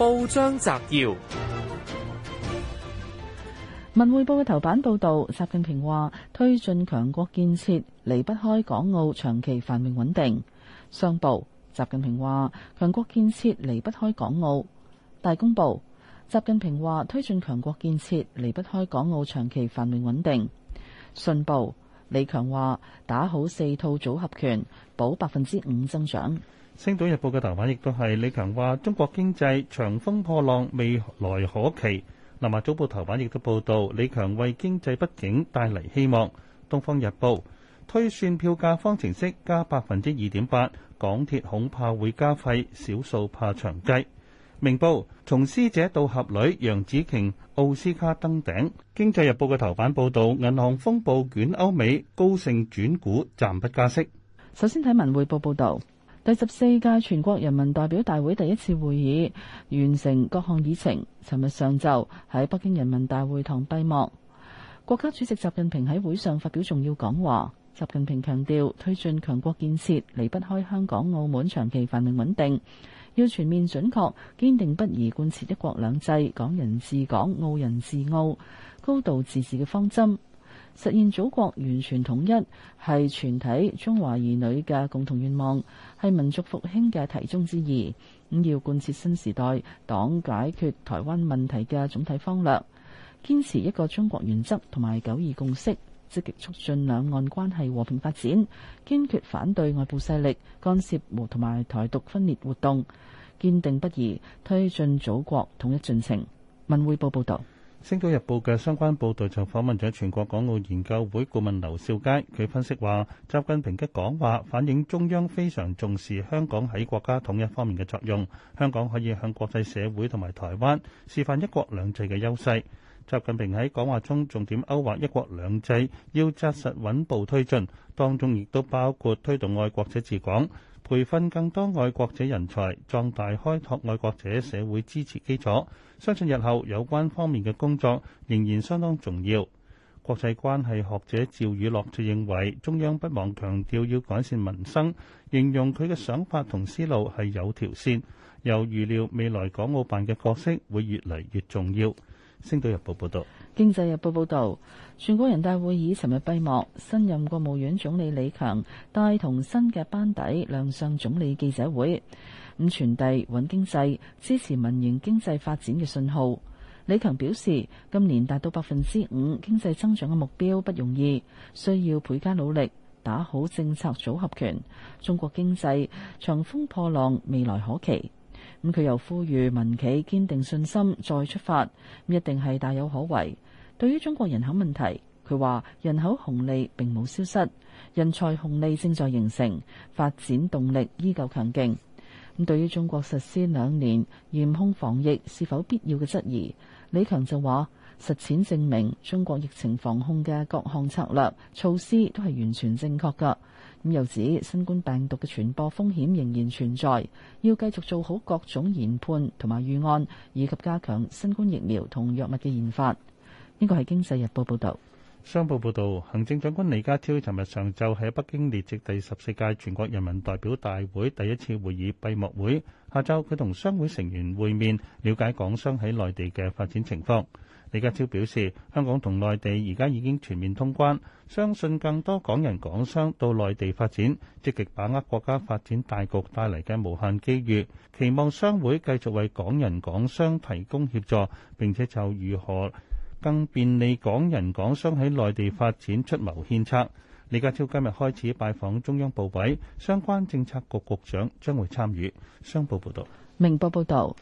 報章摘要：《文匯報》嘅頭版報道，習近平話推進強國建設離不開港澳長期繁榮穩定。商報：習近平話強國建設離不開港澳。大公報：習近平話推進強國建設離不開港澳長期繁榮穩定。信報：李強話打好四套組合拳，保百分之五增長。《星島日報》嘅頭版亦都係李強話，中國經濟長風破浪，未來可期。《南華早報》頭版亦都報道李強為經濟不景帶嚟希望。《東方日報》推算票價方程式加百分之二點八，港鐵恐怕會加費，少數怕長計。《明報》從師姐到俠女，楊紫瓊奧斯卡登頂。《經濟日報》嘅頭版報道銀行風暴卷歐美，高盛轉股暫不加息。首先睇《文匯報》報道。第十四屆全國人民代表大會第一次會議完成各項議程，尋日上晝喺北京人民大會堂閉幕。國家主席習近平喺會上發表重要講話。習近平強調，推進強國建設離不開香港、澳門長期繁榮穩定，要全面準確、堅定不移貫徹一國兩制、港人治港、澳人治澳、高度自治嘅方針。實現祖國完全統一係全體中華兒女嘅共同願望，係民族復興嘅題中之義。咁要貫徹新時代黨解決台灣問題嘅總體方略，堅持一個中國原則同埋九二共識，積極促進兩岸關係和平發展，堅決反對外部勢力干涉和同埋台獨分裂活動，堅定不移推進祖國統一進程。文匯報報道。《星島日報》嘅相關報導就訪問咗全國港澳研究會顧問劉少佳，佢分析話：習近平嘅講話反映中央非常重視香港喺國家統一方面嘅作用，香港可以向國際社會同埋台灣示範一國兩制嘅優勢。習近平喺講話中重點勾畫一國兩制，要扎實穩步推進，當中亦都包括推動愛國者治港。培訓更多愛國者人才，壯大開拓愛國者社會支持基礎。相信日後有關方面嘅工作仍然相當重要。國際關係學者趙宇樂就認為，中央不忘強調要改善民生，形容佢嘅想法同思路係有條線，又預料未來港澳辦嘅角色會越嚟越重要。星島日報報道，經濟日報報道，全國人大會議尋日閉幕，新任國務院總理李強帶同新嘅班底亮相總理記者會，咁傳遞穩經濟、支持民營經濟發展嘅信號。李強表示，今年達到百分之五經濟增長嘅目標不容易，需要倍加努力，打好政策組合拳。中國經濟長風破浪，未來可期。咁佢又呼籲民企堅定信心再出發，一定係大有可為。對於中國人口問題，佢話人口紅利並冇消失，人才紅利正在形成，發展動力依舊強勁。咁對於中國實施兩年嚴控防疫是否必要嘅質疑，李強就話實踐證明中國疫情防控嘅各項策略措施都係完全正確㗎。咁又指新冠病毒嘅傳播風險仍然存在，要繼續做好各種研判同埋預案，以及加強新冠疫苗同藥物嘅研發。呢個係經濟日報報道。商報報道，行政長官李家超尋日上晝喺北京列席第十四屆全國人民代表大會第一次會議閉幕會，下晝佢同商會成員會面，了解港商喺內地嘅發展情況。李家超表示，香港同內地而家已經全面通關，相信更多港人港商到內地發展，積極把握國家發展大局帶嚟嘅無限機遇。期望商會繼續為港人港商提供協助，並且就如何更便利港人港商喺內地發展出謀獻策。李家超今日開始拜訪中央部委，相關政策局局長將會參與。商報報道。明報報道。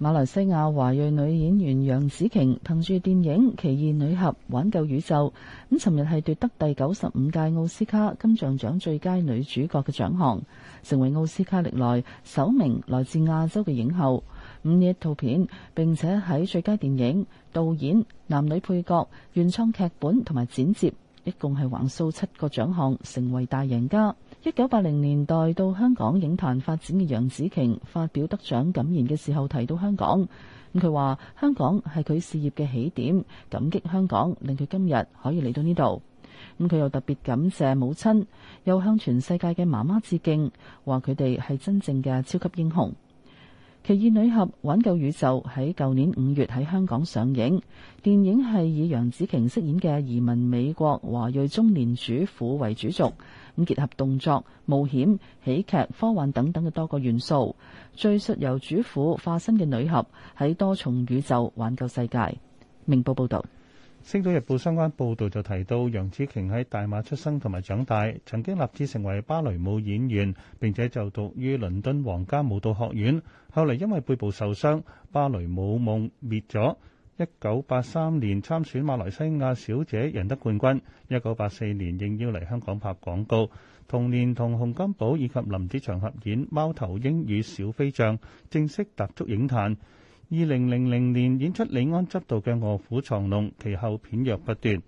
馬來西亞華裔女演員楊紫瓊憑住電影《奇異女俠：玩救宇宙》，咁尋日係奪得第九十五屆奧斯卡金像獎最佳女主角嘅獎項，成為奧斯卡歷來首名來自亞洲嘅影后。五日套片，並且喺最佳電影、導演、男女配角、原創劇本同埋剪接，一共係橫掃七個獎項，成為大贏家。一九八零年代到香港影壇發展嘅楊紫瓊發表得獎感言嘅時候，提到香港咁，佢話香港係佢事業嘅起點，感激香港令佢今日可以嚟到呢度。咁佢又特別感謝母親，又向全世界嘅媽媽致敬，話佢哋係真正嘅超級英雄。《奇異女俠玩救宇宙》喺舊年五月喺香港上映，電影係以楊紫瓊飾演嘅移民美國華裔中年主婦為主軸。咁結合動作、冒險、喜劇、科幻等等嘅多個元素，敘述由主婦化身嘅女俠喺多重宇宙挽救世界。明報報道，《星島日報》相關報道就提到，楊紫瓊喺大馬出生同埋長大，曾經立志成為芭蕾舞演員，並且就讀於倫敦皇家舞蹈學院。後嚟因為背部受傷，芭蕾舞夢滅咗。一九八三年參選馬來西亞小姐贏得冠軍，一九八四年應邀嚟香港拍廣告，同年同洪金寶以及林子祥合演《貓頭鷹與小飛象》，正式踏足影壇。二零零零年演出李安執導嘅《卧虎藏龍》，其後片約不斷。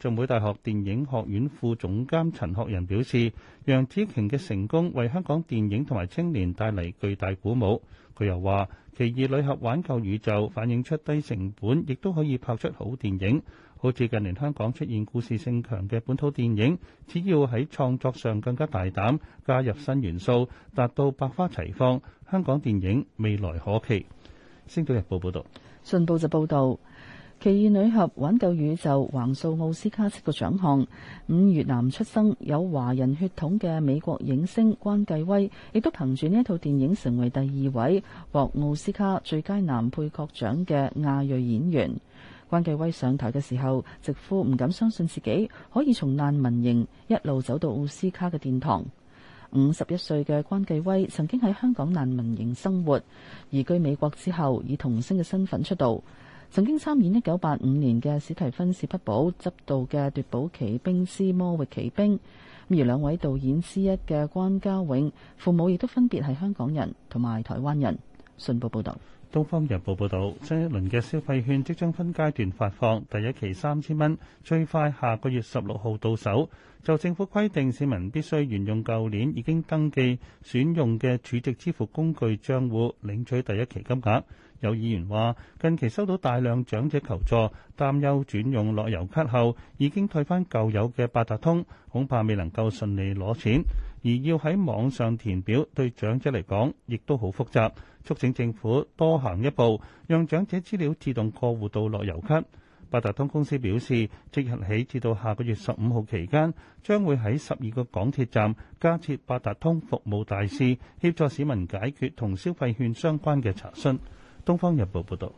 浸會大學電影學院副總監陳學仁表示，楊紫瓊嘅成功為香港電影同埋青年帶嚟巨大鼓舞。佢又話，《奇異女俠玩救宇宙》，反映出低成本亦都可以拍出好電影，好似近年香港出現故事性強嘅本土電影，只要喺創作上更加大膽，加入新元素，達到百花齊放，香港電影未來可期。星島日報報導，信報就報道。《奇異女俠玩救宇宙》橫掃奧斯卡七個獎項，五越南出生有華人血統嘅美國影星關繼威，亦都憑住呢一套電影成為第二位獲奧斯卡最佳男配角獎嘅亞裔演員。關繼威上台嘅時候，直呼唔敢相信自己可以從難民營一路走到奧斯卡嘅殿堂。五十一歲嘅關繼威曾經喺香港難民營生活，移居美國之後以童星嘅身份出道。曾經參演一九八五年嘅史提芬史匹堡執導嘅奪寶奇兵，斯魔域奇兵，而兩位導演之一嘅關家永，父母亦都分別係香港人同埋台灣人。信報報道。《東方日報》報道，新一輪嘅消費券即將分階段發放，第一期三千蚊，最快下個月十六號到手。就政府規定，市民必須沿用舊年已經登記選用嘅儲值支付工具賬戶領取第一期金額。有議員話：近期收到大量長者求助，擔憂轉用樂悠咭後已經退翻舊有嘅八達通，恐怕未能夠順利攞錢，而要喺網上填表，對長者嚟講亦都好複雜。促請政府多行一步，讓長者資料自動過戶到樂悠咭。八達通公司表示，即日起至到下個月十五號期間，將會喺十二個港鐵站加設八達通服務大使，協助市民解決同消費券相關嘅查詢。東方日報報道，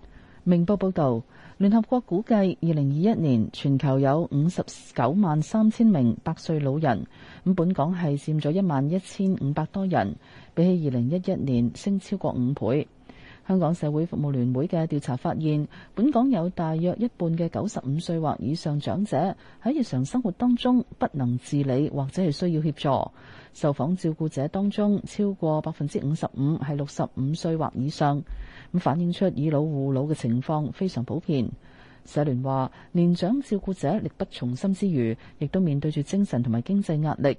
明報報道，聯合國估計二零二一年全球有五十九萬三千名百歲老人，咁本港係佔咗一萬一千五百多人，比起二零一一年升超過五倍。香港社會服務聯會嘅調查發現，本港有大約一半嘅九十五歲或以上長者喺日常生活當中不能自理，或者係需要協助。受訪照顧者當中，超過百分之五十五係六十五歲或以上，咁反映出以老護老嘅情況非常普遍。社聯話，年長照顧者力不從心之餘，亦都面對住精神同埋經濟壓力。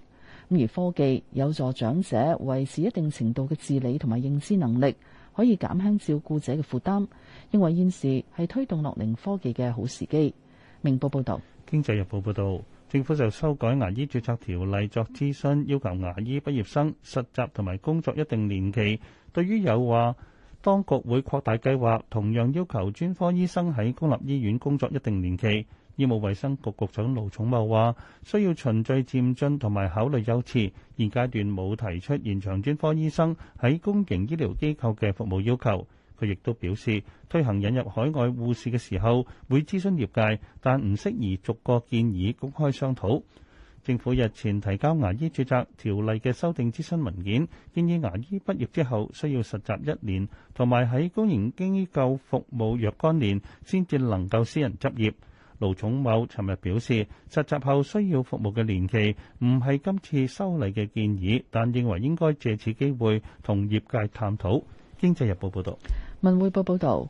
咁而科技有助長者維持一定程度嘅自理同埋認知能力。可以減輕照顧者嘅負擔，認為現時係推動樂齡科技嘅好時機。明報報道。經濟日報報道，政府就修改牙醫註冊條例作諮詢，要求牙醫畢業生實習同埋工作一定年期。對於有話，當局會擴大計劃，同樣要求專科醫生喺公立醫院工作一定年期。醫務衛生局局長盧寵茂話：，需要循序漸進，同埋考慮優次。現階段冇提出延長專科醫生喺公營醫療機構嘅服務要求。佢亦都表示，推行引入海外護士嘅時候會諮詢業界，但唔適宜逐個建議公開商討。政府日前提交牙醫注冊條例嘅修訂諮詢文件，建議牙醫畢業之後需要實習一年，同埋喺公營機構服務若干年，先至能夠私人執業。盧寵茂尋日表示，實習後需要服務嘅年期唔係今次修例嘅建議，但認為應該借此機會同業界探討。經濟日報報道，文匯報報道。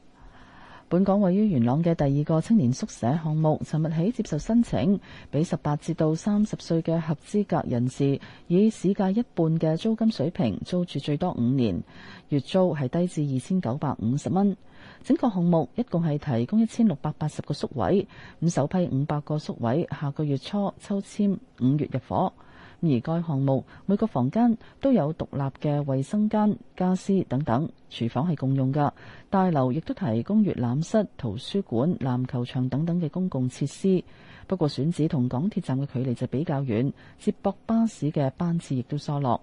本港位於元朗嘅第二個青年宿舍項目，尋日起接受申請，畀十八至到三十歲嘅合資格人士，以市價一半嘅租金水平租住最多五年，月租係低至二千九百五十蚊。整個項目一共係提供一千六百八十個宿位，咁首批五百個宿位，下個月初抽籤，五月入伙。而該項目每個房間都有獨立嘅衛生間、傢俬等等，廚房係共用噶。大樓亦都提供閱覽室、圖書館、籃球場等等嘅公共設施。不過選址同港鐵站嘅距離就比較遠，接駁巴士嘅班次亦都疏落。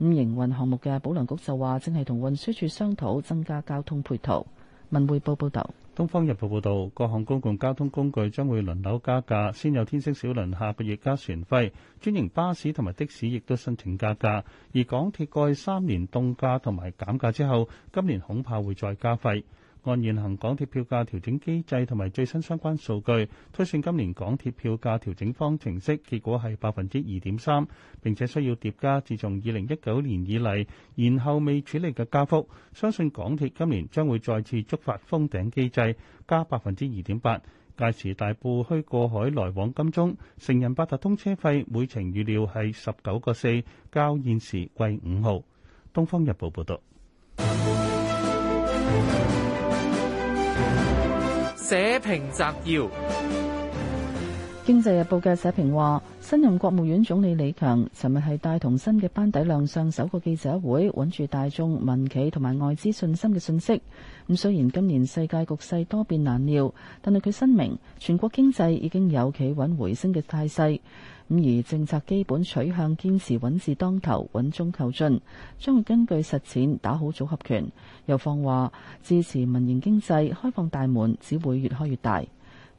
咁營運項目嘅保良局就話正係同運輸署商討增加交通配套。文匯報報道。《東方日報》報導，各項公共交通工具將會輪流加價，先有天星小輪下個月加船費，專營巴士同埋的士亦都申請加價，價，而港鐵過去三年凍價同埋減價之後，今年恐怕會再加費。按現行港鐵票價調整機制同埋最新相關數據推算，今年港鐵票價調整方程式結果係百分之二點三，並且需要疊加自從二零一九年以嚟然後未處理嘅加幅。相信港鐵今年將會再次觸發封頂機制，加百分之二點八。屆時大埔墟過海來往金鐘成人八達通車費每程預料係十九個四，較現時貴五毫。《東方日報》報道。寫評摘要。經濟日報嘅社評話，新任國務院總理李強尋日係帶同新嘅班底亮相首個記者會，穩住大眾、民企同埋外資信心嘅信息。咁雖然今年世界局勢多變難料，但係佢申明，全國經濟已經有企穩回升嘅態勢。咁而政策基本取向堅持穩字當頭、穩中求進，將會根據實踐打好組合拳。又放話支持民營經濟，開放大門只會越開越大。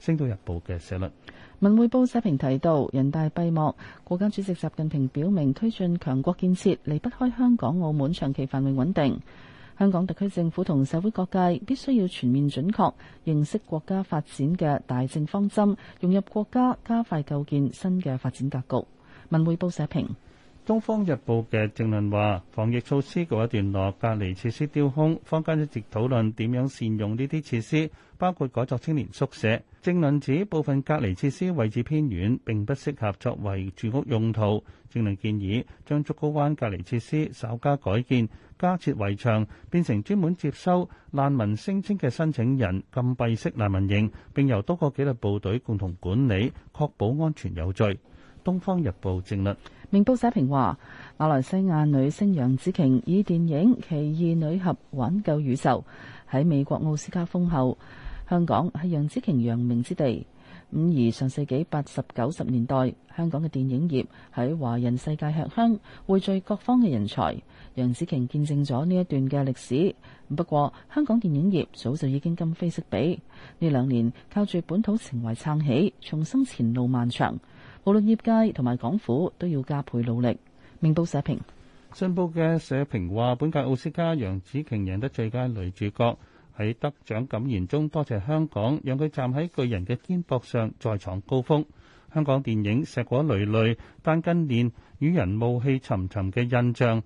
《星島日報》嘅社論，《文匯報》社評提到，人大閉幕，國家主席習近平表明，推進強國建設離不開香港、澳門長期繁榮穩定。香港特區政府同社會各界必須要全面準確認識國家發展嘅大政方針，融入國家，加快構建新嘅發展格局。《文匯報》社評，《東方日報》嘅政論話，防疫措施告一段落，隔離設施丟空，坊間一直討論點樣善用呢啲設施。包括改作青年宿舍，政論指部分隔離設施位置偏遠，並不適合作為住屋用途。政論建議將竹篙灣隔離設施稍加改建，加設圍牆，變成專門接收難民聲稱嘅申請人禁閉式難民營，並由多個紀律部隊共同管理，確保安全有序。東方日報政論，明報社評話，馬來西亞女星楊紫瓊以電影《奇異女俠：挽救宇宙》喺美國奧斯卡封后。香港係楊紫瓊揚名之地，五而上世紀八十九十年代，香港嘅電影業喺華人世界吃香，匯聚各方嘅人才。楊紫瓊見證咗呢一段嘅歷史。不過，香港電影業早就已經今非昔比，呢兩年靠住本土情懷撐起，重生前路漫長，無論業界同埋港府都要加倍努力。明報社評，新報嘅社評話，本屆奧斯卡楊紫瓊贏得最佳女主角。喺得獎感言中多謝香港，讓佢站喺巨人嘅肩膊上再闖高峰。香港電影碩果累累，但近年與人暮氣沉沉嘅印象。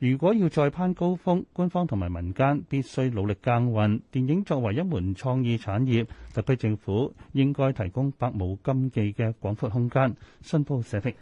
如果要再攀高峰，官方同埋民間必須努力耕耘。電影作為一門創意產業，特區政府應該提供百無禁忌嘅廣闊空間。新報社評。